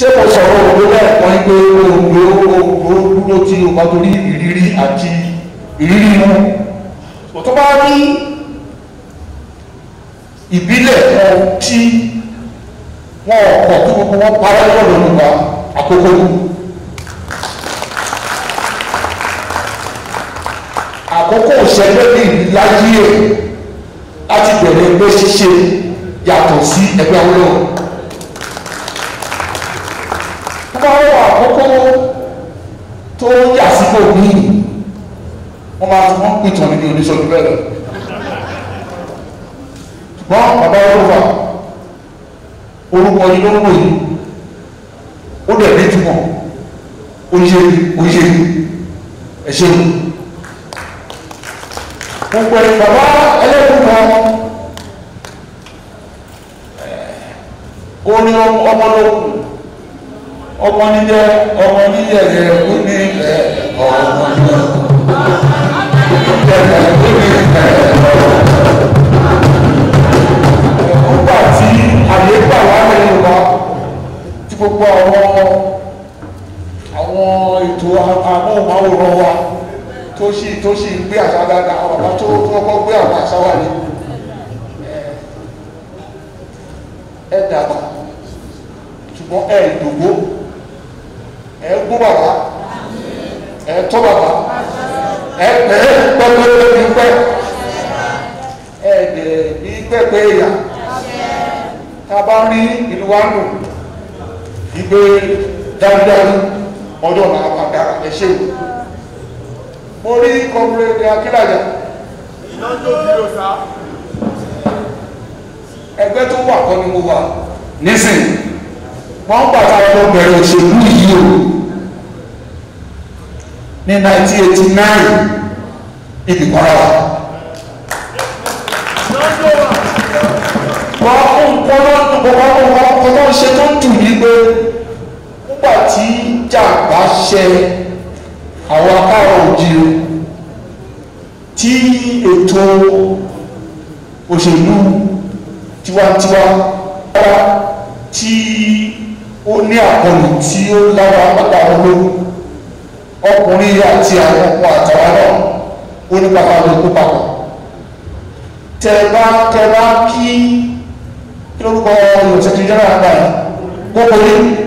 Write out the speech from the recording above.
ṣé mo sọ̀rọ̀ òwe lẹ́ẹ̀kan pé òwe ó dúró tí o bá torí ìrírí àti ìrírí mu tó bá rí ìbílẹ̀ kan tí wọ́n ọ̀pọ̀ tó gbogbo wọn parẹ́ lọ́rọ̀ nípa àkókò yìí. àkókò ìṣẹ́gbẹ́ ní ìláyé àti bẹ̀rẹ̀ ẹgbẹ́ ṣíṣe yàtọ̀ sí ẹgbẹ́ awúrọ̀ káwọ́ àkókò tó yà síbò míì wọ́n máa tún wọ́n pìtàn nínú oníṣọ́jú bẹ́ẹ̀ ṣùgbọ́n bàbá olófà orúkọ yìí ló ń wò yìí ó dẹ̀ ní túmọ̀ ó yé ó yé ẹ ṣeun gbogbo ẹ̀ bàbá ẹlẹ́kùn kan ó ní ọmọlókun ọmọ níjẹ ọmọ níjẹ yẹ kó ní ẹ ọmọ níjẹ yẹ kó ní ẹ ọmọ nígbà tí àyè gbà wá lẹ́yìn wa tí gbogbo àwọn àwọn ètò amóhùnmáwòrán wa tó sì tó sì ń gbé àṣà dáadáa àwọn bàbá tó kọ́kọ́ gbé àwọn àṣà wà ní ẹ dàgbà ṣùgbọ́n ẹ ìdògbò ẹ gún bàbá ẹ tọ́ bàbá ẹ pẹ́ pẹ́pẹ́ ní pẹ́ ẹ dẹ̀ ní pẹ́pẹ́ ìyá tá a bá rí ìlú wa nù ìgbé dájúdájú ọjọ́ náà padà ẹ ṣe o mo rí kọ́múrẹ́dẹ́ akílàjà ẹgbẹ́ tó wà kọ́ ni mo wà nísìnyí wọ́n pàtà ọmọ bẹ̀rẹ̀ òṣèlú yìí o ní 1989 ìdìkọ́ra wa wọ́n kún kọ́lọ́nù kọ́kọ́ ṣe tó ń dùn yí pé nígbà tí jàǹbá ṣe àwọn akáwọ̀ òjìrì tí ètò òṣèlú tiwantiwa tí ó ní àkọlù tí ó lára pátá olóhùn ọkùnrin àti àwọn ọkọ àtàwọn náà ó ní pátá olóhùn kó papọ̀ tẹ̀bá tẹ̀bá kí kí lórúkọ olùsẹ̀kìjọ́ra àgbà yìí kókòrí